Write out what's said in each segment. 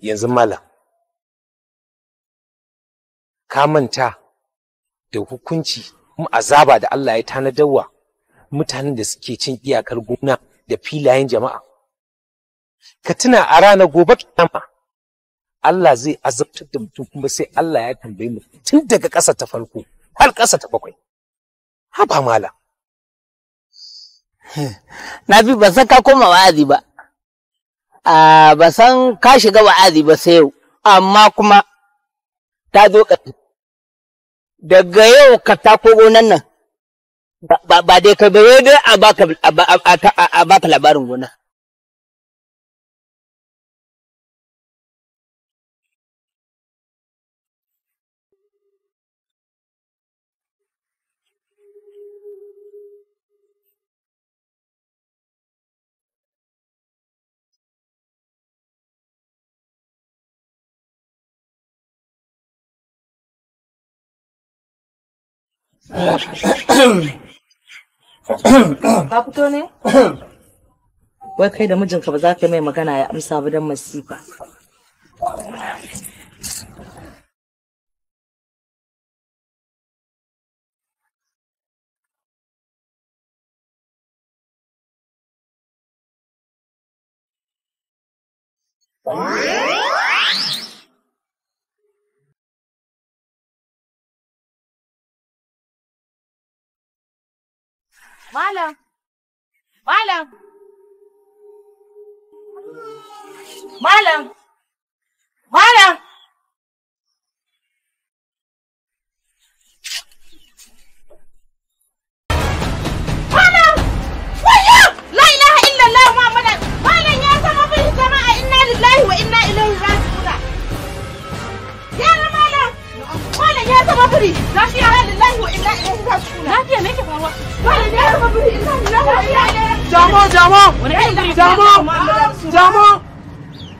yanzu malam ka manta da hukunci mu azaba da Allah ya tanadarwa mutanen da suke cin iyakar gona da filayen jama'a ka tuna a ranar gobe kiyama Allah zai azabtar da mutum kuma sai Allah ya tambaye mu tun daga ƙasa ta farko har ƙasa ta bakwai haba mala na bi ba saka koma wa'azi ba ba san ka shiga wa'azi ba sai yau, amma kuma ta zo ƙarfi. Daga yau ka ko gonan nan, ba dai ka bai dai a baka labarin gona. Ka fito ne? Wai kai da mijinka ba za ka mai magana ya amsa ba don masifa. Yeah. واعلى واعلى واعلى واعلى لا اله الا الله محمد واعلى يا سماء في انا لله وانا Malam ya zama biri. Lafiya ya lillahi wa inna ilaihi raji'un. Lafiya me ke faruwa? Malam ya zama biri inna lillahi wa inna ilaihi Jamo jamo. Jamo. Jamo.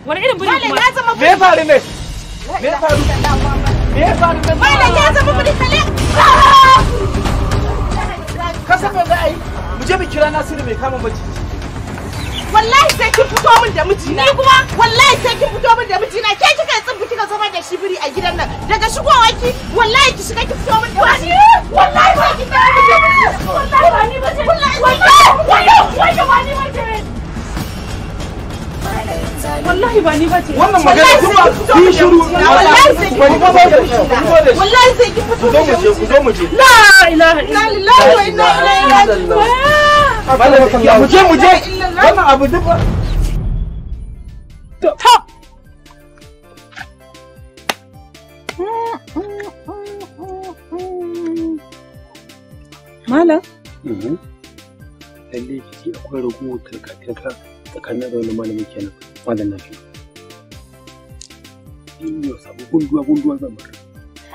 Wani irin biri? Malam ya zama biri. Me faru ne? Me faru? Me faru ne? Malam ya zama biri tale. Kasa me za a yi? Mu je mu kira Nasiru mai kama maciji. Wallahi sai kin fito min da mijina. Ni kuma wallahi sai kin fito min da na Ke kika da kika zama da shibiri a gidan nan daga shigowa ki wallahi ki shiga ki fito mun da wani wallahi ba ki ba da wallahi ba ni ba ce wallahi wallahi ba ni ba ce wallahi ba ni ba ce wannan magana kuma ki shiru wallahi sai ki fito mun da shi wallahi sai ki fito mun da shi ku zo mu je la ilaha illallah la ilaha illallah mu je mu je wannan abu duk top Malam? Lalle ki akwai ragowar karkatarka tsakanin da wani malami kenan malam na fiye.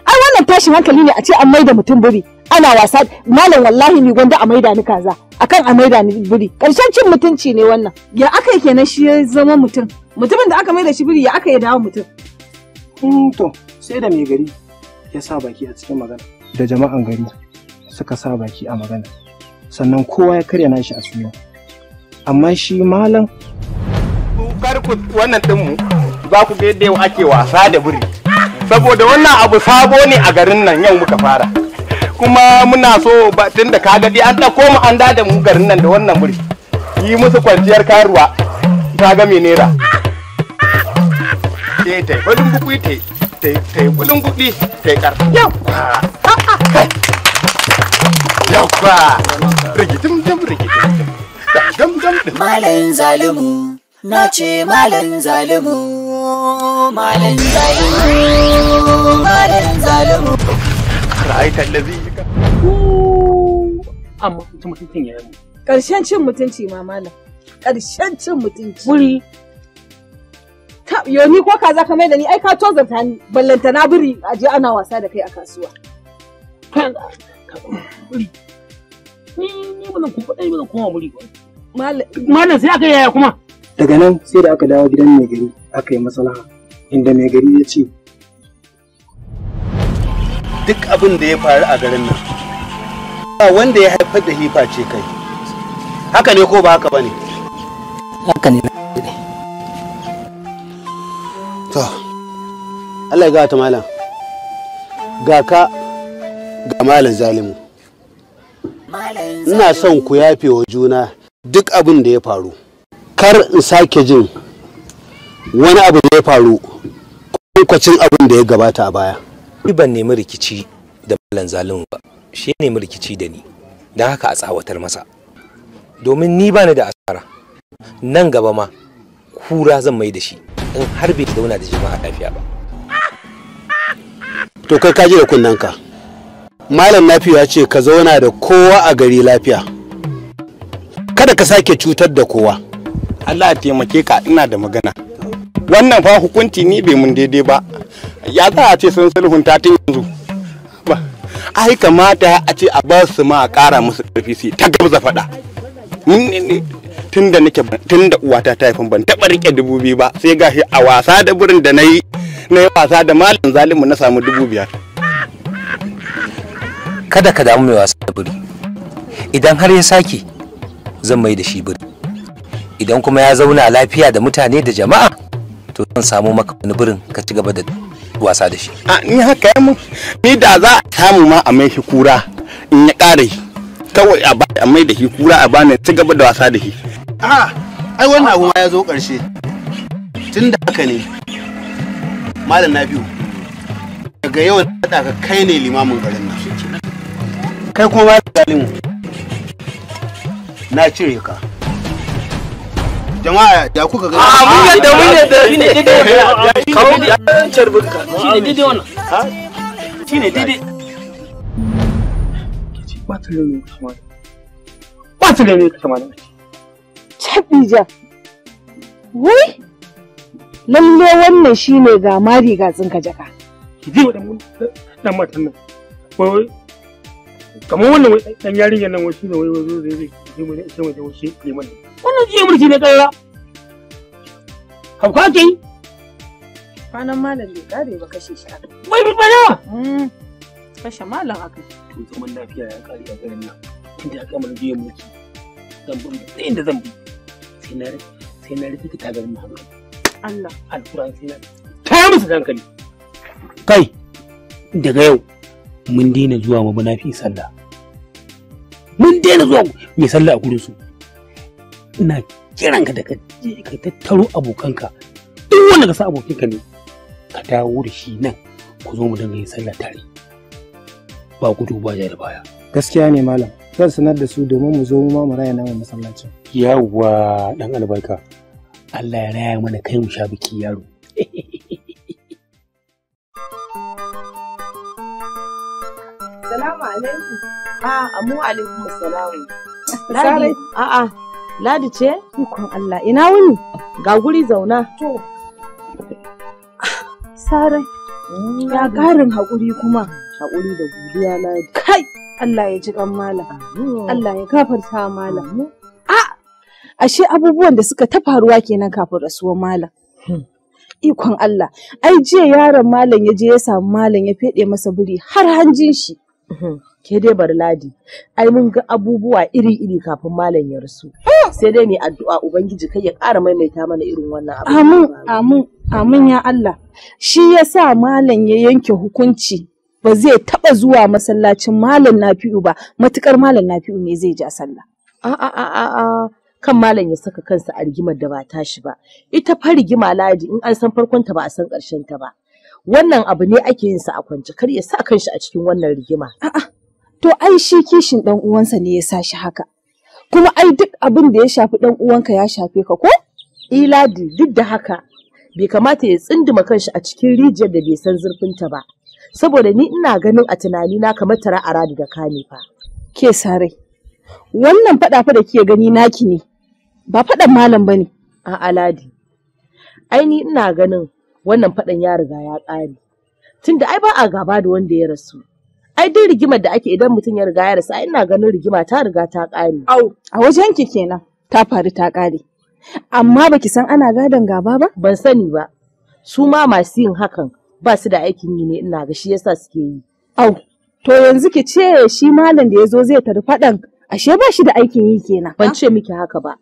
Ai wannan tashin hankali ne a ce an maida mutum biri. Ana wasa malam wallahi ni gwanda a maida ni kaza akan a maida ni biri. Karshen cin mutunci ne wannan. Ya aka kenan shi ya zama mutum. Mutumin da aka maida shi biri ya aka yi dawo mutum. Hmm, to sai da mai gari ya sa baki a cikin magana da jama'an gari. suka sa baki a magana sannan kowa ya karya nashi a suna amma shi malam kar ku wannan dinmu za ku ga yadda ake wasa da buri saboda wannan abu sabo ne a garin nan yau muka fara kuma muna so tun da ka gadi an ɗauko mu an dada mu garin nan da wannan buri yi musu kwanciyar karuwa ta ga menera te eh, tai kudin kuɗi te tai kudin kuɗi te kar yau yawwa rigidim dam rigidim dam dam dam malam zalimu na ce malam zalimu malam zalimu malam zalimu ra'aita allazi yaka amma mutum mutuncin ya mu karshen cin mutunci ma malam karshen cin mutunci wuri yoni ko kaza ka mai da ni ai ka tozarta ni ballanta na biri aje ana wasa da kai a kasuwa muri ni ni ba zan kuma ba zan koma muri ba sai aka yaya kuma daga nan sai da aka dawo gidan mai gari aka yi maslaha inda mai gari ya ce duk abin da ya faru a garin nan ba wanda ya haifar da hifa ce kai haka ne ko ba haka bane haka ne to Allah ya ga ta malam ga ka ga malam zalimu ina son ku yafe wa juna duk abin da ya faru kar in sake jin wani abu da ya faru kwacin abin da ya gabata a baya ban nemi rikici da malam zalimu ba shi nemi rikici da ni don haka a tsawatar masa domin ni bani da asara nan gaba ma kura zan mai da shi in har bai zauna da jama'a lafiya ba to kai ka ji da kunnanka malam lafiya ya ce ka zauna da kowa a gari lafiya kada ka sake cutar da kowa Allah ya taimake ka ina da magana wannan fa hukunci ni bai mun daidai ba ya za a ce sun sulhunta tun yanzu ai kamata a ce a ba su ma a kara musu karfi sai ta gabza faɗa tun da nake tun da uwata ta haifin ban taɓa rike dubu biyu ba sai gashi a wasa da burin da na yi wasa da malam zalimu na samu dubu biyar kada ka damu mai wasa da biri idan har ya sake zan mai da shi biri idan kuma ya zauna lafiya da mutane da jama'a to zan samu maka wani birin ka ci gaba da wasa da shi a ni haka ya mu ni da za a samu ma a mai shi kura in ya kare kawai a bai a mai da shi kura a bani ci gaba da wasa da shi a ai wannan abu ma ya zo karshe tun da haka ne malam na biyu daga yau da ka kai ne limamin garin nan kai kuma ba galin na cire ka jama'a ya kuka gani a mun yadda mun ah, yadda shine daidai kawo da carbin ka shine daidai wannan shine daidai ba ta ne kamar ba ta ne kamar Khadija. Wai? Lalle wannan shine ga mari ga tsinka jaka. Ki ji wa dan matan nan. Wai kamar wannan wai dan yarinya nan wai shine wai wai zai zai zai mu sai mu dawo shi liman wannan jiya mulki ne kai ra hauka ke yi kwanan malam bai kare ba kashe shi aka wai bi bana hmm. kashe malam aka to zaman lafiya ya kare a garin nan tunda aka mun jiya mulki zan bi sai inda zan bi sai na sai na rufe ta garin Muhammad Allah alquran sai na kai musu hankali kai daga yau mun daina zuwa ma fi sallah mun daina zuwa mai sallah a gurin su ina kiran ka da ka tattaro abokanka duk wanda ka sa abokinka ne ka dawo da shi nan ku zo mu dinga yin sallah tare ba gudu ba da baya gaskiya ne malam zan sanar da su domin mu zo mu ma mu raya nan masallacin yawwa dan albarka Allah ya raya mana kai mu sha biki yaro Assalamu alaikum. Ah, amu alaikum assalamu. Ladi. A'a. Ladi ce? Ikon Allah. Ina wuni? Ga guri zauna. To. Sarai. Mm. Ya karin haƙuri kuma. Haƙuri da godiya Ladi. Kai! Allah ya ji kan malam. Allah ya kafarta malam. A ashe abubuwan da suka ta faruwa kenan kafin rasuwar malam. Hmm. ikon Allah ai jiya yaron malam ya je ya samu malam ya feɗe masa buri har hanjin shi Uhm, ke dai bar ladi, ai mun ga abubuwa iri-iri kafin malam ya rasu. Sai dai mai addu'a Ubangiji kai ya ƙara maimaita mana irin wannan abu. Amin, amin, amin ya Allah. Shi ya sa malam ya yanke hukunci ba zai taɓa zuwa masallacin malam Nafi'u ba, matukar malam Nafi'u ne zai ja sallah. A'a, a a kan malam ya saka kansa a rigimar da ba tashi ba ita fa rigima ladi in an san farkonta ba a san ƙarshen ta ba wannan abu ne ake yin sa a kwance kar ya sa kanshi a cikin wannan rigima a'a to ai shi kishin dan uwansa ne ya sa shi haka kuma ai duk abin da ya shafi dan uwanka ya shafe ka ko iladi duk da haka bai kamata ya tsinduma kanshi a cikin rijiyar da bai san zurfin ta ba saboda ni ina ganin a tunani na kamar tara ra'aradi da kane fa ke sarai wannan fada fa da kike gani naki ne ba faɗan malam bane a aladi ai ni ina ganin wannan faɗan ya riga ya ƙare tunda ai ba a gaba da wanda ya rasu ai duk rigimar da ake idan mutum ya riga ya rasu ai ina ganin rigima ta riga ta ƙare au a wajen ki kenan ta faru ta ƙare amma baki san ana gadon gaba ba ban sani ba su ma masu yin hakan ba su da aikin yi ne ina ga shi yasa suke yi au to yanzu ki ce shi malam da ya zo zai taru faɗan ashe ba shi da aikin yi kenan ban ce miki haka ba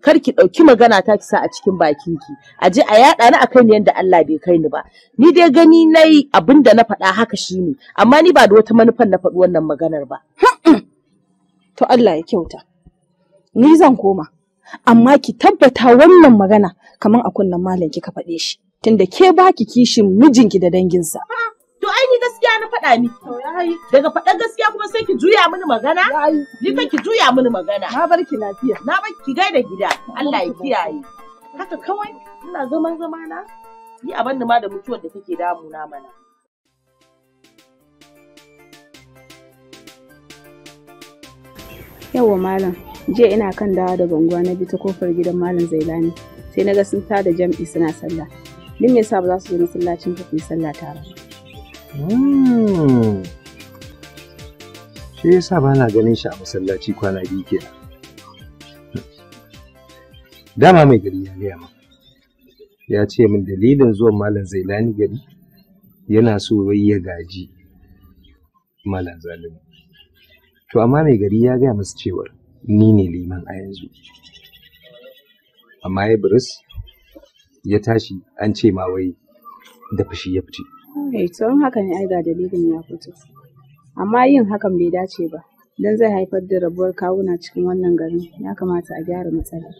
kar ki ɗauki magana ta ki sa a cikin bakin ki a je a yaɗa ni akan yadda Allah bai kai ni ba ni dai gani nayi abin da na faɗa haka shine amma ni ba da wata manufan na faɗi wannan maganar ba to Allah ya kyauta ni zan koma amma ki tabbata wannan magana kamar a kunnen malam kika faɗe shi tunda ke baki kishin mijinki da danginsa. To ai ni gaskiya na faɗa miki. Daga faɗan gaskiya kuma sai ki juya mini magana? Ni ki juya mini magana. Na bar ki lafiya. Na bar ki gaida gida. Allah ya kiyaye. Haka kawai ina zaman zamana. Yi abin da ma da mutuwar da take damuna mana. Yawwa malam, jiya ina kan dawa da banguwa na bi ta kofar gidan malam Zailani. Sai na ga sun tada jam'i suna sallah. Ni me yasa ba za su zo masallacin ku ku yi sallah tare? Shi hmm. shi yasa ba na ganin shi a masallaci kwana biyu kenan. Dama mai gari ya gaya min. Ya ce min dalilin zuwan Malam Zailani gari yana so ya gaji Malam Zalimu. To amma mai gari ya gaya masu cewar ni ne liman a yanzu. Amma ya buris ya tashi an ce ma wai da fushi ya fice. Ai, tun haka ne ai ga dalilin ya fito. Amma yin hakan bai dace ba, don zai haifar da rabuwar kawuna cikin wannan garin ya kamata a gyara matsalar.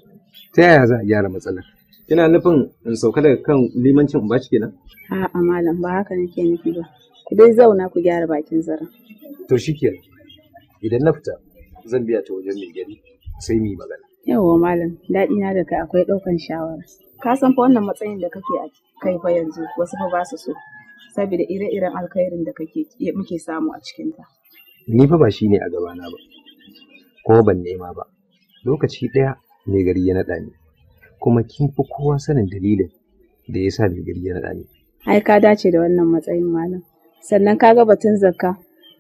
Ta yaya za a gyara matsalar? Kina nufin in sauka daga kan limancin in bashi kenan? A'a malam ba haka nake nufi ba. Ku dai zauna ku gyara bakin zaren. To shikenan. Idan na fita zan biya ta wajen mai gari sai mu yi magana. Yawwa malam, daɗi na da kai akwai ɗaukan shawara. Ka san fa wannan matsayin da kake a kai fa yanzu wasu fa ba su so. saboda ire-iren alkhairin da kake eh, muke samu a cikinta. Ni fa ba shi ne a gabana ba, kuma ban nema ba. Lokaci ɗaya mai gari ya naɗa ni, kuma kin fi kowa sanin dalilin da ya sa mai gari ya naɗa ni. Ai ka dace da wannan matsayin malam. Sannan kaga batun zakka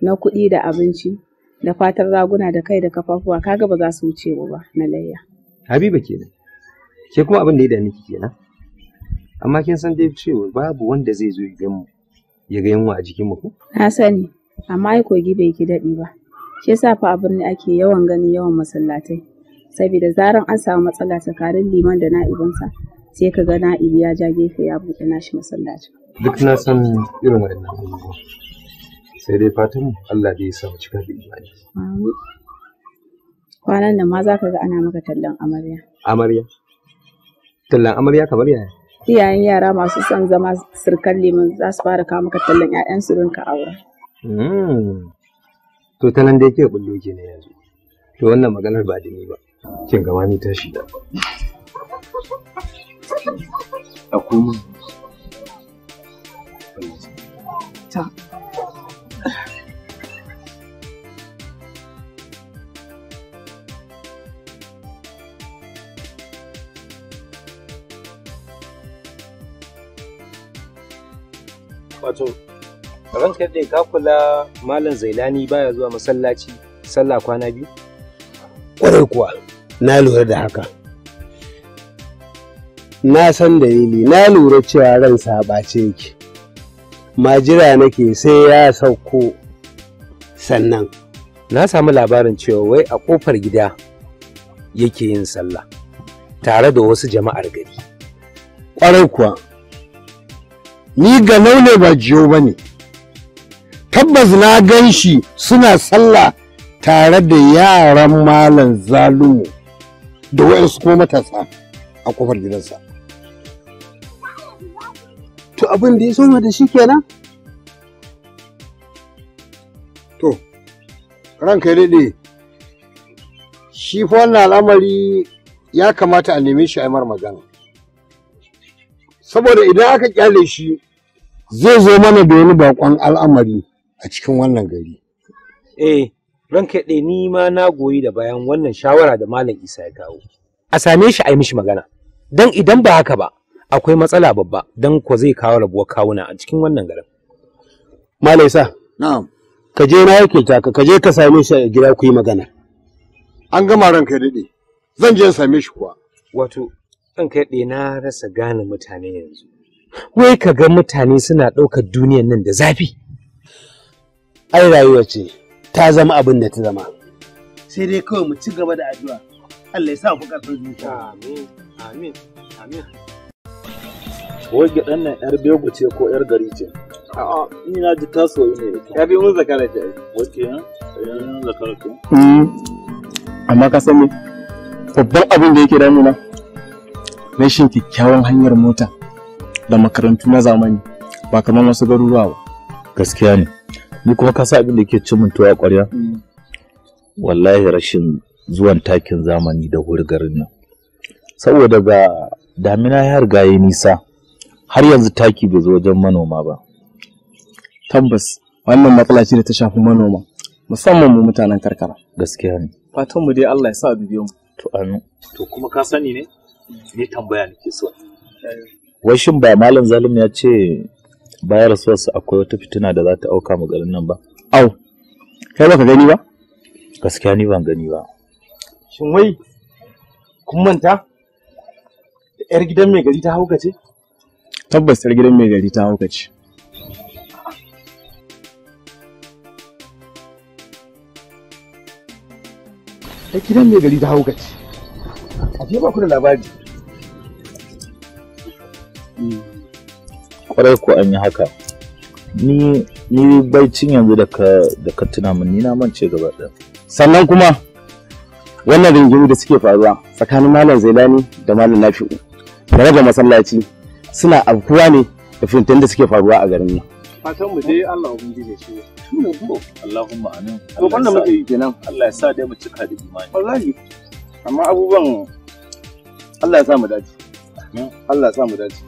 na kuɗi da abinci da fatan raguna da kai da kafafuwa kaga ba za su wuce ba na layya. Habiba kenan. Ke kuma abin da ya dame kenan. Amma kin san dai cewa babu wanda zai zo ya ya ga yunwa a jikin mu Na sani, amma ai kogi bai ki daɗi ba. Shi yasa fa a birni ake yawan ganin yawan masallatai. Saboda zaran an samu matsala tsakanin liman da na'ibinsa, sai ka ga na'ibi ya ja gefe ya buɗe nashi masallaci. Duk na san irin wannan abubuwa. Sai dai fatan Allah dai ya sa mu cika da imani. Kwanan nan ma za ka ga ana maka tallan amarya. Amarya? Tallan amarya kamar yaya? iyayen yara masu son zama sirkan lemun za su fara kawo maka tallan 'ya'yansu don ka aura. Hmm. To ta nan da ke bullo ke ne yanzu. To wannan maganar ba da ni ba. Kin gama ni tashi da. Akwai mun. Ta. wato ranka ka kula malam zailani baya zuwa masallaci sallah kwana biyu kwarai kuwa na lura da haka na san dalili na lura cewa ran sabace yake majira nake sai ya sauko sannan na samu labarin cewa wai a kofar gida yake yin sallah tare da wasu jama'ar gari kwarai kuwa ni ga ne ba jiyo ba ne tabbas na gan shi suna sallah tare da yaran malam zalumu da su kuma matasa a kofar gidansa to abin da ya soma da shi kenan to ranka ya daɗe shi fa wannan al'amari ya kamata a neme shi a yi magana saboda idan aka kyale shi zai zo mana da wani bakon al'amari a cikin wannan gari eh ranka ɗaya ni ma na goyi da bayan wannan shawara da malam isa ya kawo a same shi a yi mishi magana don idan ba haka ba akwai matsala babba don ko zai kawo rabuwar kawuna a cikin wannan garin malam isa na'am ka je na yake taka ka je ka same shi a gida ku yi magana an gama ranka daɗe zan je same shi kuwa wato kai na rasa gane mutane yanzu wai ka ga mutane suna ɗaukar duniyan nan da zafi ai rayuwa ce ta zama abin da ta zama sai dai kawai mu ci gaba da addu'a Allah ya sa ku karfin zuciya amin amin amin wai gidan nan yar bego ce ko yar gari ce a'a ni na ji taso soyi ne ya bi mun zakara ce wace ne yan zakara ko hmm. amma ka sani babban abin da yake damuna rashin kyakkyawan hanyar mota da makarantu na zamani ba kamar wasu garuruwa ba gaskiya ne ni kuma ka sa abin da ke cin mutuwa ƙwarya mm. wallahi rashin zuwan takin zamani da hurgarin nan saboda ga damina ya riga ya nisa har yanzu taki bai zo wajen manoma ba tabbas wannan matsala ce da ta shafi manoma musamman mu mutanen karkara gaskiya ne fatan dai Allah ya sa bibiyo mu to amin to kuma ka sani ne ni tambaya nake so wai shin ba malam zalim ya ce bayan su akwai wata fitina da za ta auka mu garin nan ba au kai baka gani ba gaskiya ni ban gani ba shin wai kun manta da yar gidan mai gari ta hauka ce tabbas yar gidan mai gari ta hauka ce gidan mai gari ta hauka ce Kafi ba ku da labari. Hmm. Kwarai ko an yi haka. Ni ni baicin yanzu da ka da ka tuna min ni na mance gaba ɗaya. Sannan kuma wannan rigingimu da suke faruwa tsakanin Malam Zailani da Malam Nafi'u da raba masallaci suna afkuwa ne da fintan da suke faruwa a garin nan. fatan mu dai Allah ubangiji shi ne Allahumma amin to wannan muke kenan Allah ya sa dai mu cika da imani wallahi amma abubuwan Allah ya sa mu dace Allah ya sa mu dace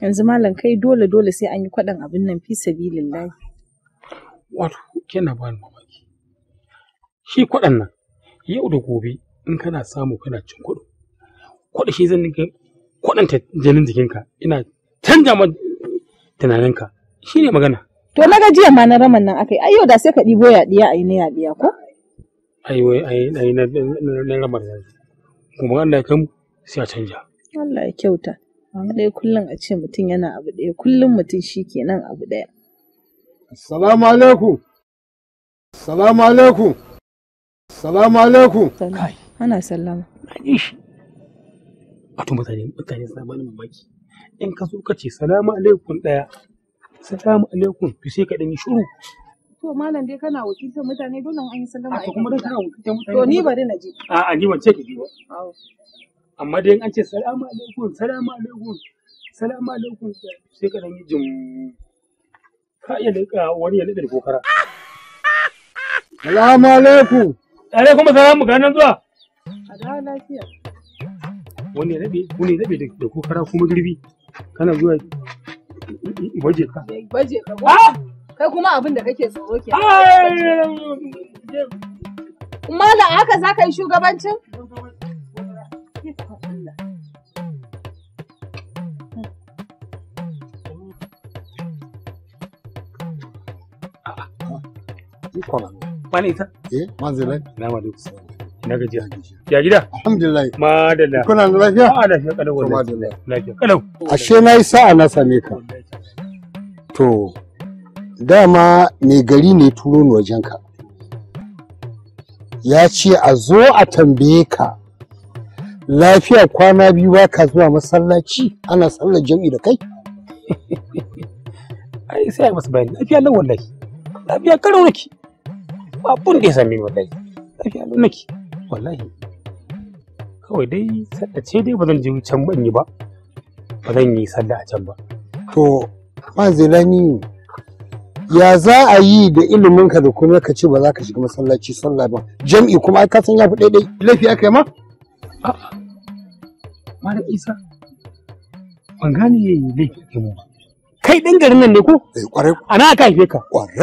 yanzu malam kai dole dole sai an yi kwaɗan abin nan fi sabilillahi wato kina bani mamaki shi kwaɗan nan yau da gobe in kana samu kana cin kuɗi kuɗi shi zan ninka kuɗanta jinin jikinka ina canja ma tunaninka shi ne magana to na ga jiya ma na raman nan akai ai yau da sai ka ɗibo yaɗiya a yi na yaɗiya ko ai wai ai ai na na raman nan kuma Allah ya kai sai a canja Allah ya kyauta dai kullum a ce mutum yana abu ɗaya kullum mutum shi kenan abu ɗaya assalamu alaikum assalamu alaikum Salamu alaikum. Kai. Ana sallama. Ishi. shi. Wato mutane mutane suna bani mamaki. In ka zo ka ce salamu alaikum ɗaya. Salamu alaikum to sai ka ɗan yi shiru. To malam dai kana wakiltar mutane dole an yi sallama. A kuma dai kana wakiltar mutane. To ni bari na je. A ni ban ce ki je ba. Amma dai in an ce salamu alaikum salamu alaikum salamu alaikum sai ka ɗan yi jim. Ka iya leƙa wani ya leƙa da kokara. Salamu alaikum. tare kuma sai mu ganan zuwa a da lafiya wani rabe wani rabe da ko kara kuma girbi kana zuwa waje ka Waje ka ah! kai kuma abin da kake tsoro ke Mala haka za ka yi shugabancin? Ikon ita? Eh, ya Ashe na yi sa'a na same ka. To, dama mai gari ne turo ni ka, Ya ce a zo a tambaye ka lafiya kwana biyu ba ka zuwa masallaci ana sallar jam'i da kai? Ai sai a masa bayani lafiya lau wallahi. Lafiya nake. ba abun da ya same ni wallahi lafiya lo nake wallahi kawai dai sallah ce dai ba zan je can ban yi ba ba zan yi sallah a can ba to manzilani ya za a yi da ilimin ka da kuma ka ce ba za ka shiga masallaci sallah ba jam'i kuma ka san ya fi daidai laifi aka yi ma a'a malam isa ban gane laifi aka yi mu ba kai ɗan garin nan ne ko? Eh, ana A nan aka haife ka.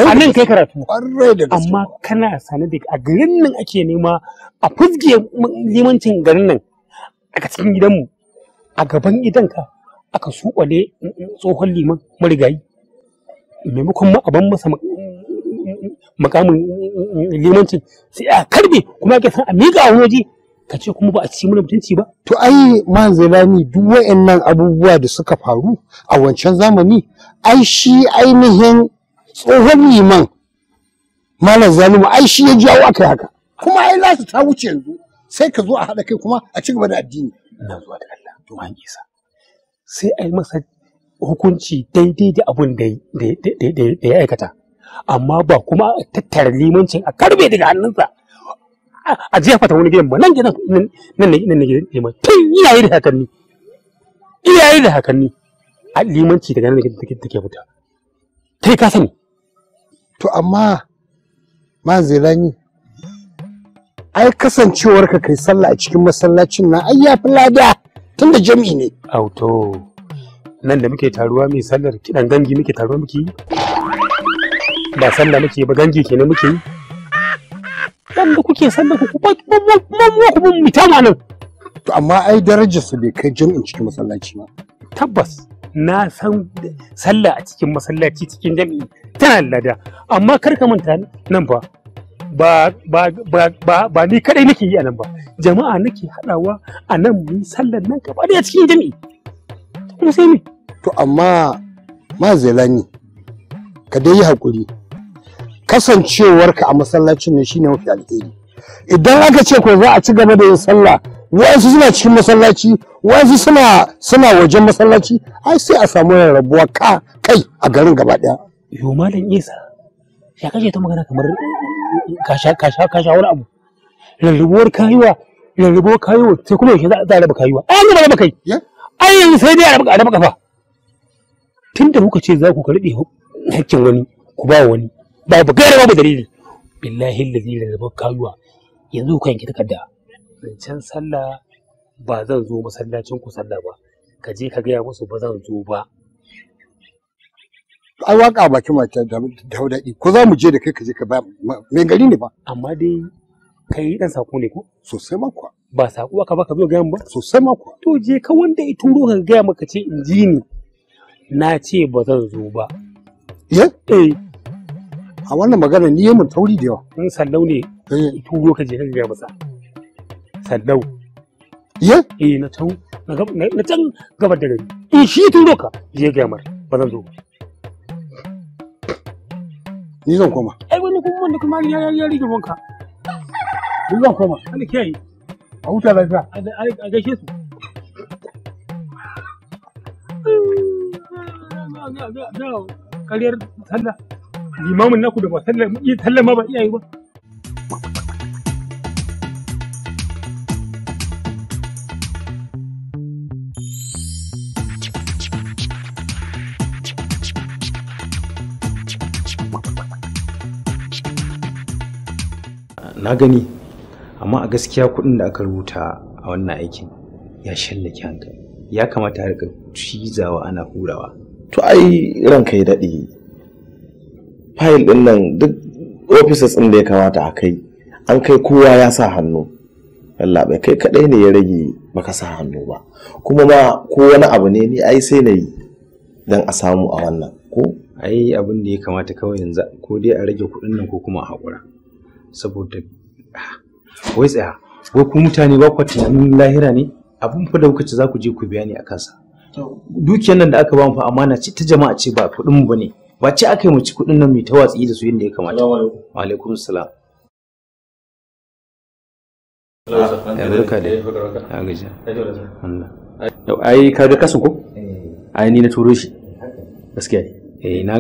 A nan kai karatu. Kwarai Amma kana sane da a garin nan ake nema a fuzge limancin garin nan a cikin gidanmu a gaban idanka aka sukwale tsohon liman marigayi maimakon ma aban masa makamin mm, mm, mm, limancin sai a karbe kuma ake san a miƙa a waje ka ce kuma ba a ci mana mutunci ba to ai man zelani duk wayannan abubuwa da suka faru a wancan zamani ai shi ainihin tsohon liman malam zalimu ai shi ya jawo aka haka kuma ai su ta wuce yanzu sai ka zo a haɗa kai kuma a ci gaba da addini ina zuwa da Allah to an isa sai ai masa hukunci daidai da abun da ya aikata amma ba kuma tattara limancin a karbe daga hannunsa a jefa ta wani gidan ba nan gidan nan nan ne gidan liman tun iyaye da hakanni iyaye da hakanni a limanci daga nan take take fita kai ka sani to amma ma zelani ai kasancewar ka kai sallah a cikin masallacin nan ayya fulada fi lada tunda jami'i ne auto nan da muke taruwa mai sallar kidan gangi muke taruwa muke ba sallah muke ba gangi kenan muke yi wanda kuke san da ku kuma kuma ku mun mita ma nan to amma ai darajar su bai kai jami'in cikin masallaci ba tabbas na san sallah a cikin masallaci cikin jami'i tana lada amma kar ka manta nan ba ba ba ba ba ba ni kadai nake yi a nan ba jama'a nake hadawa a nan mu sallar nan gaba a cikin jami'i kuma sai ne. to amma ma zelani ka dai yi hakuri kasancewarka a masallacin ne shine mafi alheri idan aka ce ko za a ci gaba da yin sallah wasu suna cikin masallaci wasu suna suna wajen masallaci ai sai a samu rabuwa ka kai a garin gaba daya yo malam isa ya kashe ta magana kamar kasha, kasha, kasha, wani abu rarrabuwar kayuwa rarrabuwar kayuwa sai kuma yake za a raba kayuwa ai an raba kai ai yanzu sai dai a raba kafa tunda muka ce za ku karɓe hakkin wani ku ba wani babu gare babu dalili billahi lazi da zabar kayuwa yanzu ku yanki takarda zancen sallah ba zan zo masallacin ku sallah ba ka je ka gaya musu ba zan zo ba ai waka a bakin mata da daudadi ko za mu je da kai ka je ka ba mai gari ne ba amma dai kai dan sako ne ko sosai ma kuwa ba sako aka ka zo mu ba sosai ma kuwa to je ka wanda ya turo ka gaya maka ce in ji ni na ce ba zan zo ba eh a wannan magana ni yamin tauri da yawa in sallau ne turo ka je ka ga masa sallau ya eh na tau, na can gabar da gari in shi turo ka je ga mar ba zan zo ni zan koma ai wani kuma wanda kuma ya ya rige wanka ni zan koma Allah kiyaye a huta lafiya a gaishe su karyar sallah limamin naku da ba ma ba iyaye ba na gani amma a gaskiya kuɗin da aka rubuta a wannan aikin ya shalla hankali ya kamata a riga cizawa ana hurawa to ai ranka ya daɗe fayil ɗin nan duk offices ɗin da ya kamata a kai an kai kowa ya sa hannu yalla bai kai kaɗai ne ya rage baka sa hannu ba kuma ma ko wani abu ne ni ai sai na yi don a samu a wannan ko ai abin da ya kamata kawai yanzu ko dai a rage kuɗin nan ko kuma a haƙura saboda ah, wai tsaya ko ku mutane ba ku tunanin lahira ne abin fa da kuka za ku je ku biya ne a kansa dukiyar nan da aka ba mu fa amana ce ta jama'a ce ba kuɗin mu bane Wace aka yi mu ci kuɗin nan mai ta watsi da su yadda ya kamata? Wa alaikum salam. Ah, ya ya Ai ka ga eh. Gaskiya. Eh na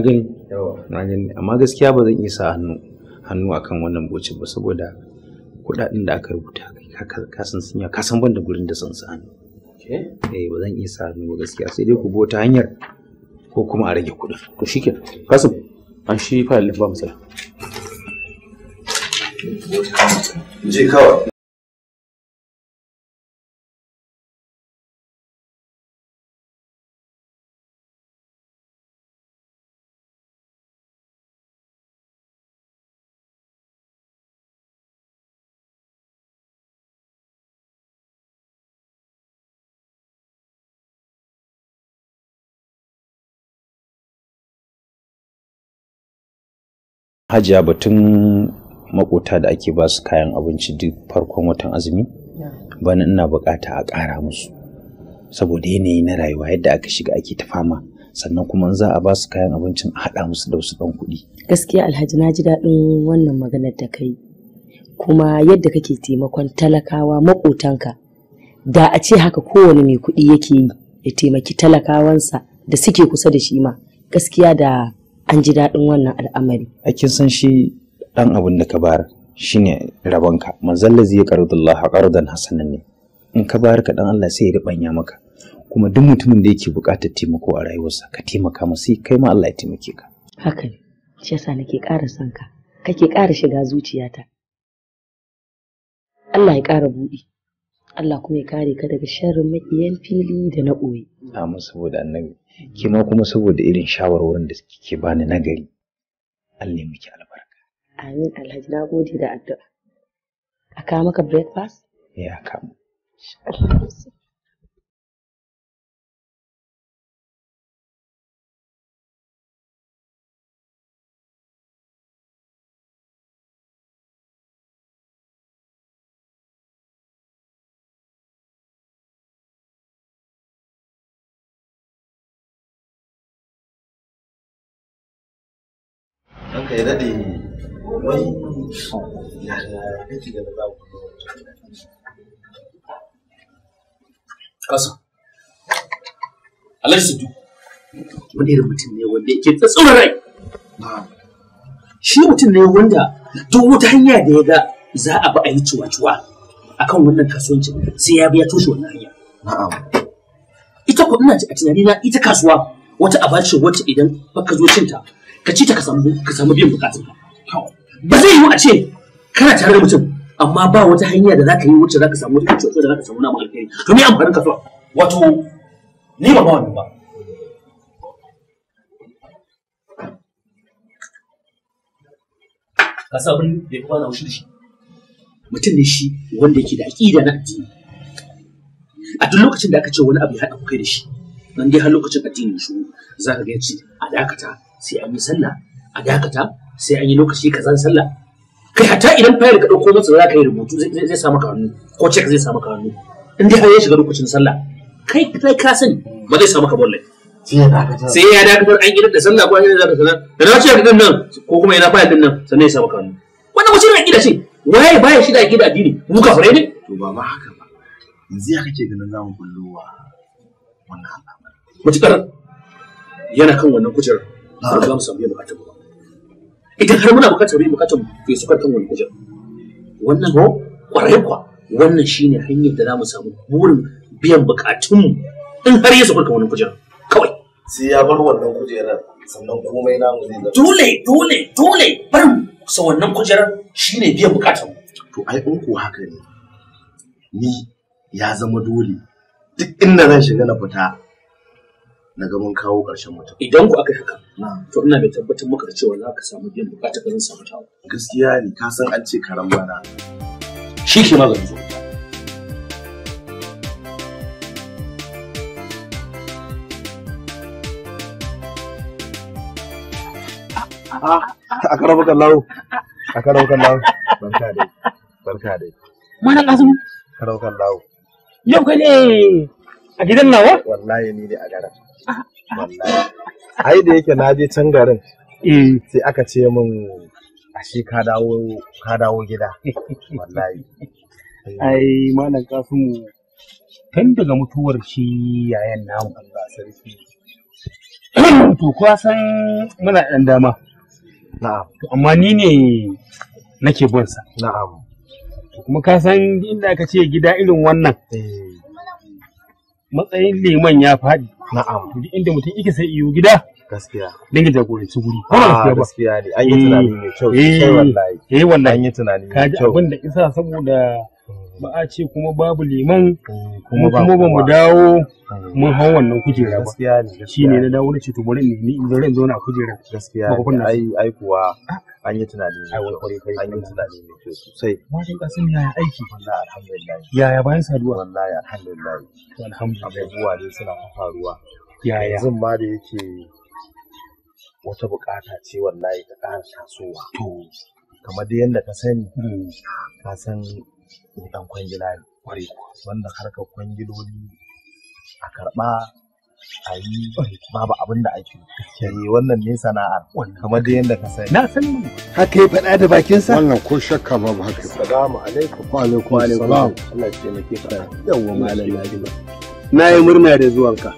akan wannan ba saboda kuɗaɗen da aka rubuta kai ka san sun ka san hannu. Eh ba sai dai ku hanyar ko kuma a rage kuɗin to shi kasu an shi fayil ba matsala je kawai hajiya batun makota da ake basu kayan abinci duk farkon watan azumi bana ina bukata a ƙara musu saboda yanayi na rayuwa yadda aka shiga ake ta fama sannan kuma za a basu kayan abincin a haɗa musu da wasu ɗan kuɗi. gaskiya alhaji na ji daɗin wannan maganar da kai kuma yadda kake taimakon talakawa maƙotanka da a ce haka kowane mai kuɗi yake yi ya taimaki talakawansa da suke kusa da shi ma gaskiya da an ji daɗin wannan al'amari a san shi ɗan abin da ka bayar shine rabonka manzalla zai da qarudullah da hasanan ne in ka bayar ka dan Allah sai ya ya maka kuma duk mutumin da yake buƙatar taimako a rayuwarsa ka taimaka masa kai ma Allah ya taimake ka haka ne shi yasa nake ƙara son ka kake ƙara shiga zuciyata Allah ya ƙara buɗi Allah kuma ya kare ka daga sharrin maƙiyan fili da na ɓoye amin saboda annabi ma kuma saboda irin shawarwarin da kike bani na gari Allah miki albarka amin alhaji na gode da addu'a aka maka breakfast ya eh, Allah an kai daɗe wai ya kake za ku kasa alhaji sadu wani irin mutum ne wanda yake ta tsoron rai shi mutum ne wanda duk wata hanya da ya ga za a bi a yi cuwa-cuwa akan wannan kasuwanci sai ya biya toshe wannan hanya ita ko ina a tunanina ita kasuwa wata aba ce wacce idan baka zo cinta ka ci ta ka samu ka samu biyan bukatun ka ba zai yiwu a ce kana tare da mutum amma ba wata hanya da zaka yi wacce zaka samu wata cuta da zaka samu na alheri to me amfanin ka so wato ni ba wannan ba ka sa abin da ya na shi da shi mutum ne shi wanda yake da aqida na addini a duk lokacin da aka ce wani abu ya haɗa kai da shi nan dai har lokacin addinin shi za ka ga ya ce a dakata sai an yi sallah a dakata sai an yi lokaci kazan sallah kai hatta idan fayar ka dauko masa za ka yi rubutu zai samu ka hannu ko cek zai samu ka hannu in dai har ya shiga lokacin sallah kai kai ka sani ba zai samu ka bolle sai ya dakatar an yi da sallah ko an yi da sallah da na ce din nan ko kuma yana fayar din nan sannan ya samu ka hannu wannan wace ne gida ce waye baya shiga gida addini mu ka fare ne to ba ma haka ba yanzu ya kake ganin zamu kullowa wannan al'amari mutukar yana kan wannan kujerar ba za mu samu biyan bukatun mu idan har muna bukatar biyan bukatun mu to su kan wani kujer wannan ko kwarai kwa wannan shine hanyar da za mu samu burin biyan bukatun in har ya su kan wani kujer kawai sai ya bar wannan kujerar sannan komai namu zai zama dole dole dole bar sa wannan kujerar shine biyan bukatun mu to ai in ko haka ne ni ya zama dole duk inda zan shiga na fita na gaban kawo ƙarshen mutum. Idan ku aka yi haka, to ina mai tabbatar maka da cewa za ka samu biyan bukatar ka zan samu tawo. Gaskiya ne ka san an ce karan bana. Shi shi ma zan zo. Ah, a karabu lawo, a karabu lawo, barka dai, barka dai. Mana kasu? Karabu lawo. Yau kai ne a gidan nawa wallahi ni ne a garin wallahi ai da yake na je can garin eh. sai aka ce min ashe ka dawo ka dawo gida wallahi ai malam kasimu tun daga mutuwar shi yayan namu Allah sarki to kuwa san muna dan dama na'am amma ni ne nake bin sa na'am kuma ka san inda aka ce gida irin wannan eh. matsayin liman ya faɗi na'am duk inda mutum yake sai iyo gida gaskiya dinga jagoranci guri ko ah, gaskiya ba gaskiya ne an yi tunani mai kyau eh, sai wallahi eh wallahi an yi tunani mai kyau abin da isa saboda hmm. ba a ce kuma babu liman hmm, kuma kuma ba mu dawo hmm. mun hau wannan kujera ba gaskiya ne shine na dawo na ce to bari in ni in zo na kujera gaskiya ai ai kuwa an yi tunani mai kyau an yi tunani mai kyau sosai wajen kasim yaya aiki wallahi alhamdulillah yaya bayan saduwa wallahi alhamdulillah alhamdulillah abubuwa dai suna faruwa yaya zan ma da yake wata bukata ce wallahi ta kara tasowa to kamar da yadda ka sani hmm. ka san ni dan kwangila ne wanda harkar kwangiloli a karɓa a yi babu abin da ake yi wannan ne sana'ar kamar da yadda ka sani na sani haka ya faɗa da bakinsa wannan ko shakka ba haka salamu alaikum wa alaikum salam Allah ya taimake ka yawwa malam Ladima na yi murna da zuwanka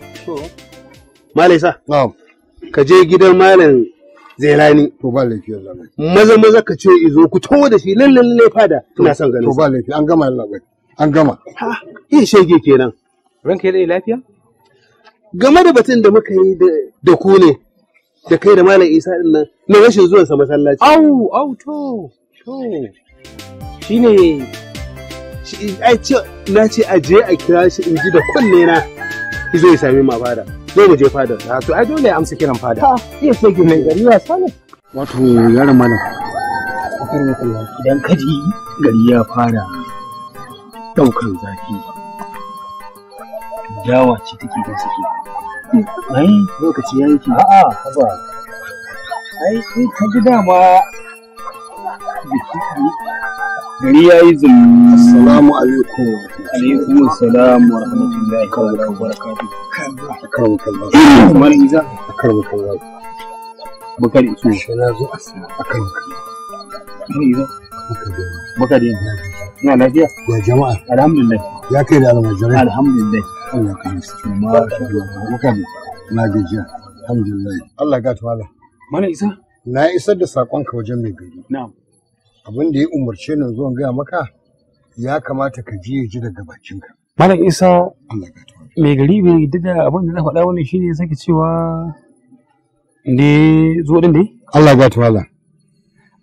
malai sa na'am ka je gidan malam zelani to ba laifi wallahi maza maza ka ce izo ku to da shi lalle lalle fada ina son ganin to ba laifi an gama wallahi an gama ha eh shege kenan ranka yi lafiya game da batun da muka yi da ku ne da kai da malam isa din nan na rashin zuwan sa masallaci au au to to shine ai ce na ce a je a kira shi in ji da kunne na zo ya sami ma fada zo mu je fada ah, to ai dole ya amsa kiran fada ha iya sai gine gari ya sale wato yaron malam akan masallaci idan kaji gari ya fara daukan zafi dawa ce take da suke ai lokaci ya yi a a haba ai kai ka ji dama gari ya yi zum assalamu alaikum alaikum assalam wa rahmatullahi wa barakatuh akan kallon kamar iza akan kallon bukari su shi na zo akan kallon kamar iza muka daina ina lafiya ya jama'a alhamdulillah ya kai da almajirai alhamdulillah Allah ka mishi ma muka na gajiya alhamdulillah Allah ga tuwala mana isa na isar da sakonka wajen mai gari na'am abin da ya umarce ni zuwa gaya maka ya kamata ka je ya ji daga bakinka Malam Isa mai gari bai yadda da abin da na faɗa wannan shine sake cewa ne zo din dai Allah ga tuwala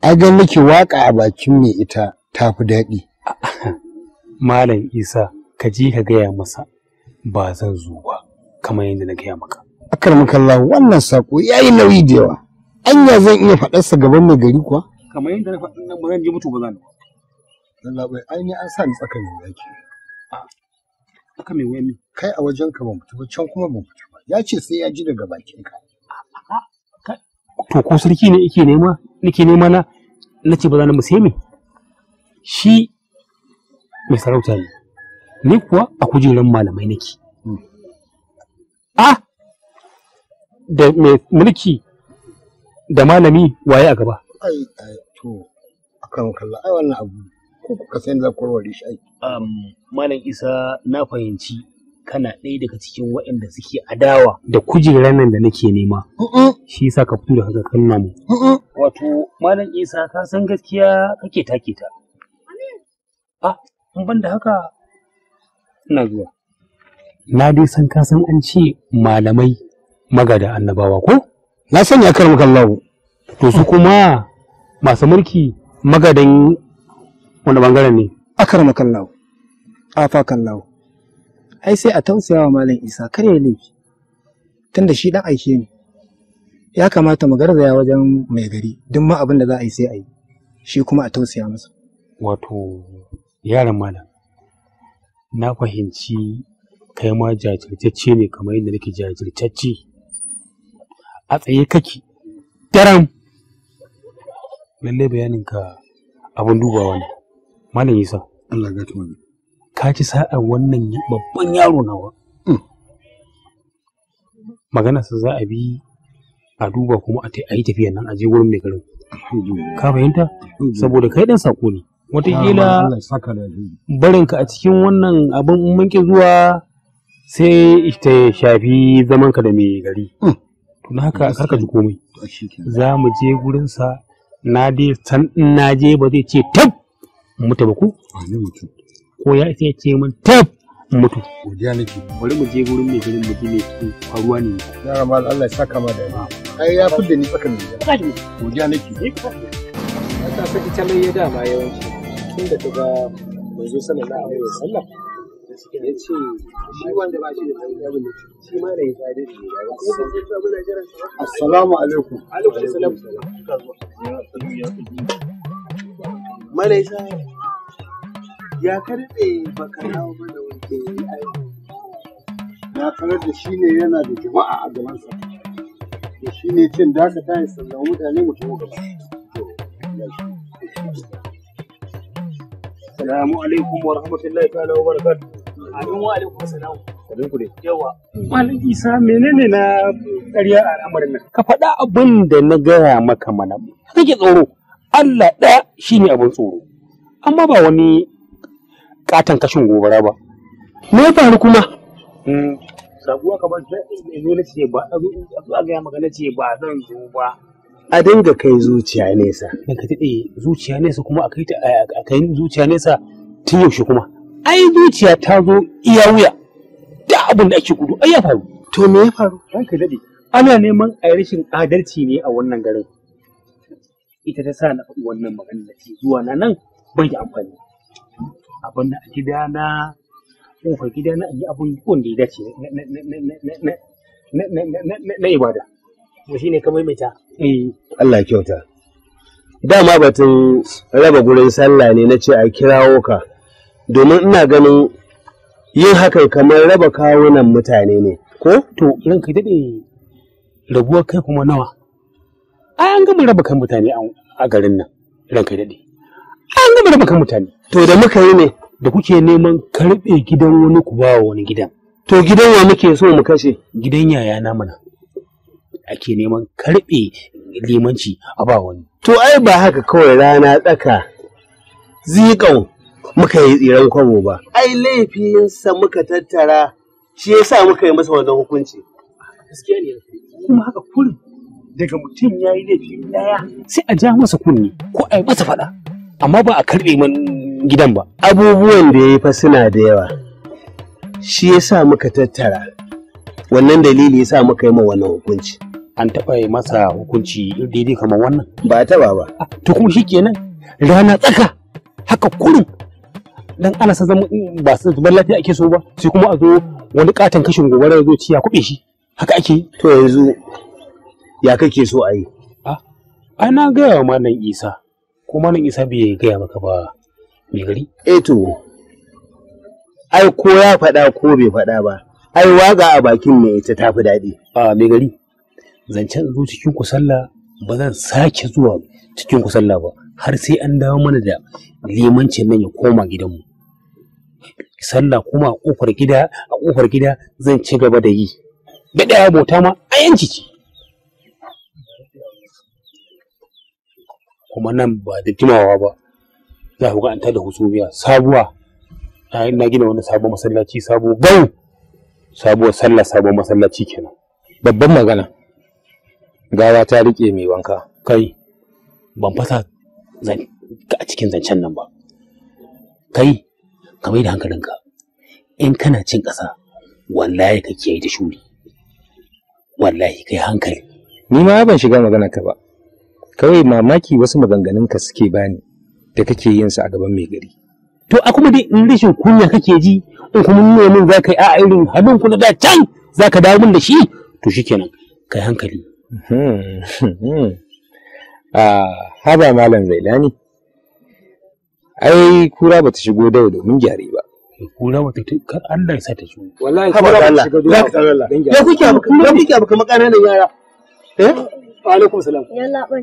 a ga nake waka a bakin mai ita ta fi daɗi malam isa ka ji ka gaya masa ba zan zo ba kamar yadda na gaya maka akar makalla wannan sako ya yi nauyi da yawa anya zan iya faɗarsa gaban mai gari kuwa kamar yadda na faɗin nan ba zan je mutu ba zan Allah bai ai an sa ni tsaka mai yaki tsaka mai wani kai a wajen ka ban fita ba can kuma ban fita ba ya ce sai ya ji daga bakin ka to ko sarki ne yake nema nake nema na na ce ba za na musemi shi mai sarauta ne ni kuwa a kujeran malamai nake a da mai mulki da malami waye a gaba ai ai to akan kalla ai wannan abu ko ku kasance da ku shi ai malam isa na fahimci kana ɗaya daga cikin waɗanda suke adawa da kujerar nan da nake nema. Shi sa ka fito da haka kan namu. Wato Malam Isa ka san gaskiya kake take ta. A in ban da haka ina zuwa. Na dai san ka san an ce malamai magada annabawa ko? Na sanya akar maka Allah. To su kuma masu mulki magadan wani bangaren ne. Akar maka Allah. Afa kallahu. ai sai a tausaya wa malam isa kar ya laifi tunda shi dan aike ne ya kamata mu garzaya wajen mai gari duk ma abin da za a yi sai a yi shi kuma a tausaya masa wato yaran malam na fahimci kai ma jajirtacce ne kamar yadda nake jajirtacce a tsaye kake daram lallai bayaninka abin dubawa ne malam isa Allah ya gata ka ci sa'ar wannan babban yaro nawa hmm. magana sa za a bi a duba kuma a yi tafiya nan a je wurin mai garin ka fahimta saboda kai dan sako ne wataƙila ka a cikin wannan abin mun zuwa sai ta shafi zamanka da mai gari hmm. to haka karka ji komai za mu je sa na dai san na je ba zai ce tab mu tabaku ko ya sai ce min tab mutu godiya nake bari mu je gurin mai gurin mu ne faruwa ne ya rama Allah ya saka ma da ah. ai ya fudda ni tsakan ne godiya nake ya ta saki talai ya dama yawanci tun da ga manzo sallallahu alaihi wasallam ya ce shi wanda ba shi da shi ma da ya assalamu alaikum ya karɓe baka dawo ba da wanke aiki ya karar da shi ne yana da jama'a a gabansa da shi ne cin da aka tayi sallama mutane mutum gaba Salamu alaikum wa rahmatullahi ta'ala wa barakatuh. Amin wa alaikum salam. Salam ku dai. Yawa. Malam Isa menene na ƙarya a al'amarin nan? Ka faɗa abin da na gaya maka mana. Kake tsoro. Allah ɗaya shine abin tsoro. Amma ba wani katon kashin gobara ba me ya faru kuma mm, sabuwa kamar zo na ce ba a zo a gaya maka ce ba zan zo ba a dinga kai zuciya nesa dan ka tade zuciya nesa kuma a kai a kai zuciya nesa tun yaushe kuma ai zuciya ta zo iya wuya da abin da ake gudu ai ya faru to me ya faru dan ka dade ana neman a rashin adalci ne a wannan garin ita ta sa na faɗi wannan magana da ke zuwa na nan ban yi amfani abin da a gida na kofar gida na yi abin wanda ya dace na ibada mu shine ka maimaita eh Allah ya kyauta dama batun raba gurin sallah ne na ce a kirawo ka domin ina ganin yin hakan kamar raba kawunan mutane ne ko to ranka dade rabuwar kai kuma nawa ai an gama raba kan mutane a garin nan ranka dade an gama raba kan mutane to da muka yi ne da kuke neman karɓe gidan wani ku ba wani gidan to gidan wa muke so mu kashe gidan yaya na mana ake neman karɓe limanci a ba wani to ai ba haka kawai rana tsaka ziƙan muka yi tsiran kwabo ba ai laifinsa muka tattara shi yasa muka yi masa wannan hukunci gaskiya ne kuma haka kullum daga mutum ya yi laifin daya sai a ja masa kunni ko a yi masa faɗa amma ba a karɓe man gidan ba abubuwan da ya yi fasina da yawa shi ya sa muka tattara wannan dalili ya sa muka yi ma wannan hukunci an taɓa yi masa hukunci daidai kamar wannan ba taɓa ba ah, to kuma shi kenan rana tsaka haka kurin dan ana sa zama ba su zubar lafiya ake so ba sai kuma a zo wani katon kashin gobara zo ya kuɓe shi haka ake to yanzu ya kake so a yi a ah, na gaya wa malam isa ko malam isa bai gaya maka ba mai gari eh to ai ko ya faɗa ko bai faɗa ba ai waga a bakin mai ita tafi daɗi a mai gari zancen zo cikin ku sallah ba zan sake zuwa cikin ku sallah ba har sai an dawo mana da limancin nan ya koma gidanmu sallah kuma a ƙofar gida a gida zan ci gaba da yi da ɗaya bauta ma a yanci ce kuma nan ba da jimawa ba za ku ga an tada husumiya sabuwa na gina wani sabon masallaci sabo gau, sabuwar sallah sabon masallaci kenan babban magana gawa ta rike mai wanka kai ban fasa a cikin zancen nan ba kai ka mai da hankalinka in kana cin ƙasa wallahi ka kiyaye da shuri wallahi kai hankali ni ma ban shiga magana ka ba kawai mamaki wasu maganganun ka suke bani da kake yin sa a gaban mai gari to a kuma dai in rashin kunya kake ji in kuma nuna min za ka yi a irin hannun ku na da can za ka dawo min da shi to shikenan kai hankali hmm, hmm. a ah, haba malam zailani ai kura bata shigo da dawo mun gyare ba kura ta kar Allah ya sa ta shigo wallahi kura ba ta shigo da Allah ya kuke abu kuke abu kamar kananan yara eh wa alaikum salam yalla bai